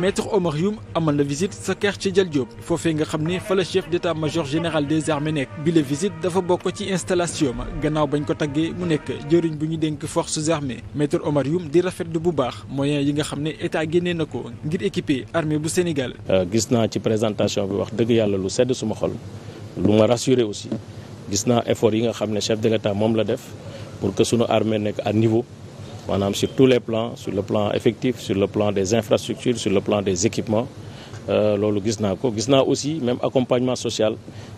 maître Omar Youm amal na visite sa ci Dial Diop foofe nga xam ne fa la chef d'état-major général des armées nekk bi la visite dafa bokk ci installation ma gannaaw bañ ko taggee mu nekk jëriñ bu ñu dénk forces armées maître Omar Youm di rafet bu baax moyen yi nga xam ne état génnee na ko ngir équiper armée bu Sénégal. Euh, gis naa ci présentation bi wax dëgg yàlla lu sedd suma xol lu ma rassuré aussi gis naa effort yi nga xam ne chef de l'état moom la def pour que sunu armée nekk à niveau. maanaam sur tous les plans sur le plan effectif sur le plan des infrastructures sur le plan des équipements euh, loolu gis naa ko gis naa aussi même accompagnement social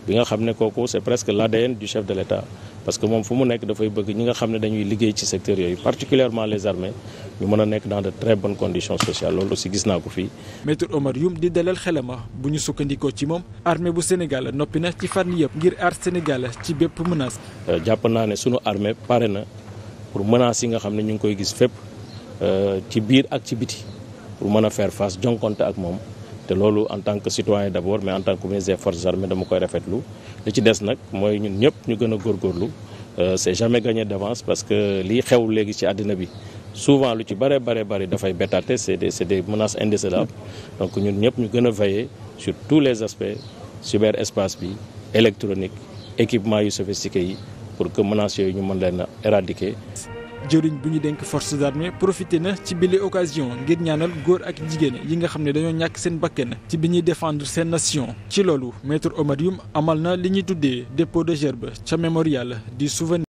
bi nga xam ne kooku c'est presque l'ADN du chef de l'État parce que moom fu mu nekk dafay bëgg ñi nga xam ne dañuy liggéey ci secteur yooyu particulièrement les armées ñu mën a nekk dans de très bonnes conditions sociales loolu aussi gis naa ko fii. maître Omar Youm di dalal xelama bu ñu sukkandikoo ci na ci fànn yëpp ngir aar Sénégal ci bépp menace. Euh, jàpp naa ne sunu armée pare na. pour menaces yi nga xam ne ñu ngi koy gis fépp euh, ci biir ak ci biti pour mën a faire face jonkonte ak moom te loolu en tant que citoyen d'abord mais en tant que ministre des forces armées dama koy rafetlu li ci des nag mooy ñun ñëpp ñu gën a góorlu euh, c'est jamais gagné d'avance parce que lii xew léegi ci àddina bi souvent lu ci bare bare bare dafay bettaate c'est des c'est des menaces indécelables donc ñun ñëpp ñu gën a veiller sur tous les aspects espace bi électronique équipement yu sophistiqué yi pour que menaces yooyu ñu mën leen a éradiquer. jëriñ bu ñu dénk forces armées profité na ci bile occasion ngir ñaanal góor ak jigéen yi nga xam ne dañoo ñàkk seen bakken ci bi ñuy defendre seen nation. ci loolu maître Oumar Youm amal na li ñuy tuddee dépôt de gerbe ca mémorial du souvenir.